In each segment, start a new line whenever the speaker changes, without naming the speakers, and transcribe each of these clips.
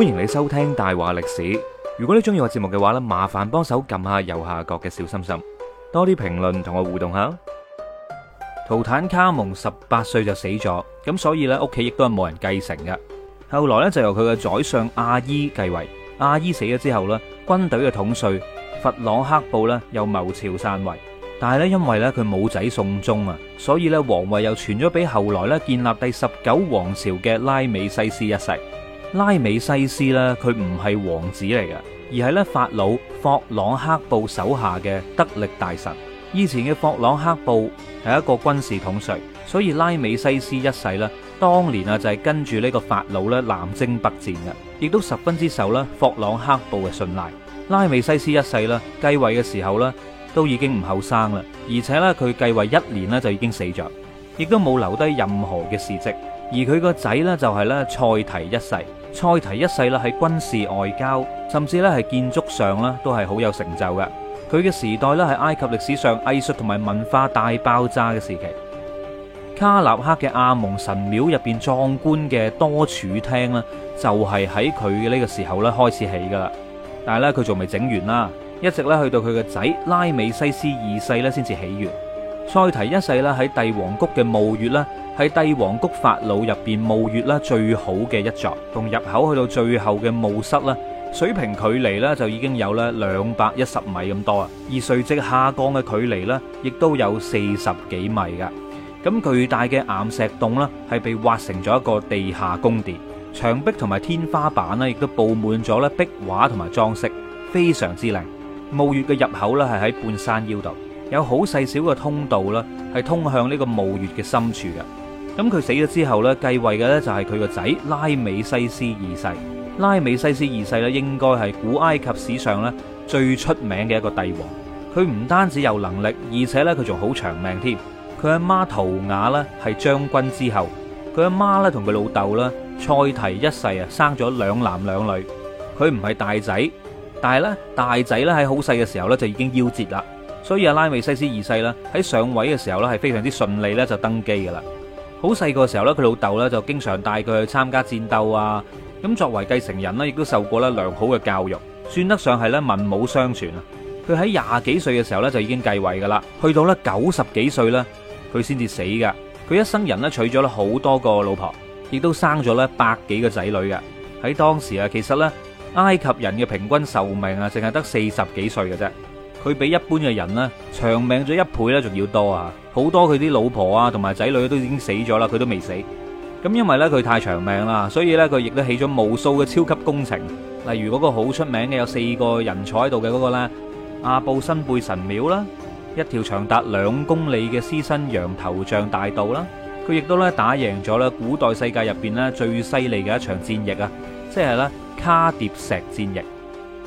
歡迎你收聽大話歷史。如果你中意我節目嘅話咧，麻煩幫手撳下右下角嘅小心心，多啲評論同我互動下。圖坦卡蒙十八歲就死咗，咁所以咧屋企亦都係冇人繼承嘅。後來呢，就由佢嘅宰相阿伊繼位。阿伊死咗之後呢軍隊嘅統帥佛朗克布咧又謀朝篡位。但係呢，因為咧佢冇仔送終啊，所以呢，王位又傳咗俾後來呢建立第十九王朝嘅拉美西斯一世。拉美西斯咧，佢唔係王子嚟嘅，而係咧法老霍朗克布手下嘅得力大臣。以前嘅霍朗克布係一個軍事統帥，所以拉美西斯一世呢，當年啊就係跟住呢個法老咧南征北戰嘅，亦都十分之受咧霍朗克布嘅信賴。拉美西斯一世呢，繼位嘅時候呢，都已經唔後生啦，而且呢，佢繼位一年呢，就已經死咗，亦都冇留低任何嘅事跡。而佢個仔呢，就係咧塞提一世。塞提一世咧喺軍事外交，甚至咧係建築上咧都係好有成就嘅。佢嘅時代咧係埃及歷史上藝術同埋文化大爆炸嘅時期。卡納克嘅阿蒙神廟入邊壯觀嘅多柱廳咧，就係喺佢嘅呢個時候咧開始起噶啦。但係咧佢仲未整完啦，一直咧去到佢個仔拉美西斯二世咧先至起完。塞提一世啦，喺帝王谷嘅墓穴啦，係帝王谷法老入邊墓穴啦最好嘅一座，從入口去到最後嘅墓室啦，水平距離啦就已經有啦兩百一十米咁多啊，而垂直下降嘅距離啦，亦都有四十幾米噶。咁巨大嘅岩石洞啦，係被挖成咗一個地下宮殿，牆壁同埋天花板啦，亦都布滿咗咧壁畫同埋裝飾，非常之靚。墓穴嘅入口啦，係喺半山腰度。有好細小嘅通道呢係通向呢個墓穴嘅深處嘅。咁佢死咗之後呢繼位嘅呢就係佢個仔拉美西斯二世。拉美西斯二世呢應該係古埃及史上呢最出名嘅一個帝王。佢唔單止有能力，而且呢，佢仲好長命添。佢阿媽陶雅呢係將軍之後，佢阿媽呢同佢老豆呢，塞提一世啊，生咗兩男兩女。佢唔係大仔，但係呢，大仔呢喺好細嘅時候呢，就已經夭折啦。所以阿拉美西斯二世啦，喺上位嘅時候咧係非常之順利咧就登基噶啦。好細個時候咧，佢老豆咧就經常帶佢去參加戰鬥啊。咁作為繼承人咧，亦都受過咧良好嘅教育，算得上係咧文武雙全啊。佢喺廿幾歲嘅時候咧就已經繼位噶啦，去到咧九十幾歲咧佢先至死噶。佢一生人咧娶咗咧好多個老婆，亦都生咗咧百幾個仔女嘅。喺當時啊，其實咧埃及人嘅平均壽命啊淨係得四十幾歲嘅啫。佢比一般嘅人呢長命咗一倍呢，仲要多啊！好多佢啲老婆啊，同埋仔女都已經死咗啦，佢都未死。咁因為呢，佢太長命啦，所以呢，佢亦都起咗無數嘅超級工程，例如嗰個好出名嘅有四個人坐喺度嘅嗰個呢，阿布辛貝神廟啦，一條長達兩公里嘅獅身羊頭像大道啦，佢亦都呢打贏咗呢古代世界入邊呢最犀利嘅一場戰役啊，即係呢卡迭石戰役。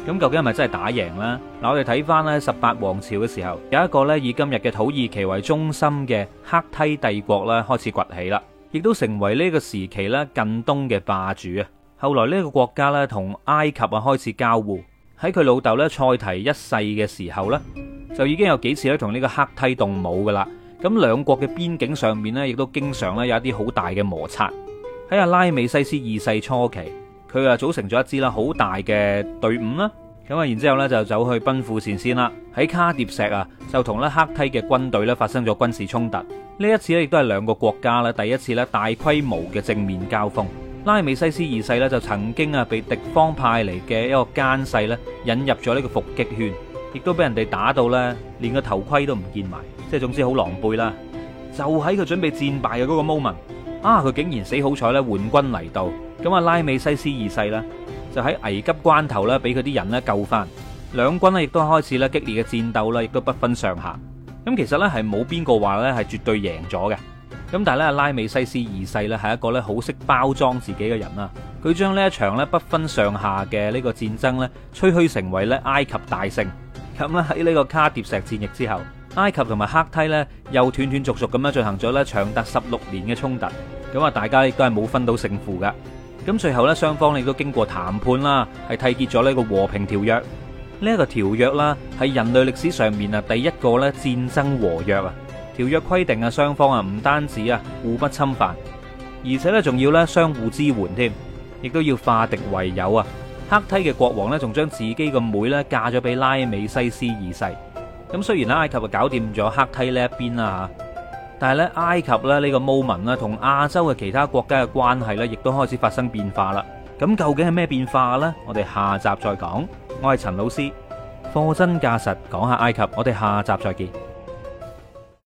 咁究竟係咪真係打贏呢？嗱,我哋睇翻呢十八王朝嘅時候，有一個咧以今日嘅土耳其為中心嘅赫梯帝國啦，開始崛起啦，亦都成為呢個時期咧近東嘅霸主啊。後來呢個國家咧同埃及啊開始交互，喺佢老豆咧賽提一世嘅時候呢就已經有幾次咧同呢個赫梯動武噶啦。咁兩國嘅邊境上面呢亦都經常咧有一啲好大嘅摩擦。喺阿拉美西斯二世初期。佢話組成咗一支啦，好大嘅隊伍啦，咁啊，然之後呢，就走去奔赴前線先啦。喺卡疊石啊，就同咧黑梯嘅軍隊咧發生咗軍事衝突。呢一次咧，亦都係兩個國家啦，第一次咧大規模嘅正面交鋒。拉美西斯二世呢，就曾經啊被敵方派嚟嘅一個奸細咧引入咗呢個伏擊圈，亦都俾人哋打到呢連個頭盔都唔見埋，即係總之好狼背狽啦。就喺佢準備戰敗嘅嗰個 moment，啊佢竟然死好彩呢，援軍嚟到。咁啊，拉美西斯二世咧，就喺危急關頭咧，俾佢啲人咧救翻。兩軍咧亦都開始咧激烈嘅戰鬥咧，亦都不分上下。咁其實咧係冇邊個話咧係絕對贏咗嘅。咁但係咧，拉美西斯二世咧係一個咧好識包裝自己嘅人啦。佢將呢一場咧不分上下嘅呢個戰爭咧，吹嘘成為咧埃及大勝。咁咧喺呢個卡疊石戰役之後，埃及同埋黑梯咧又斷斷續續咁樣進行咗咧長達十六年嘅衝突。咁啊，大家亦都係冇分到勝負噶。咁最後咧，雙方亦都經過談判啦，係締結咗呢一個和平條約。呢一個條約啦，係人類歷史上面啊第一個咧戰爭和約啊。條約規定啊，雙方啊唔單止啊互不侵犯，而且咧仲要咧相互支援添，亦都要化敵為友啊。黑梯嘅國王呢，仲將自己個妹咧嫁咗俾拉美西斯二世。咁雖然啦，埃及啊搞掂咗黑梯呢一邊啦吓。但係咧，埃及咧呢個 moment 啦，同亞洲嘅其他國家嘅關係呢，亦都開始發生變化啦。咁究竟係咩變化呢？我哋下集再講。我係陳老師，貨真價實講下埃及。我哋下集再見。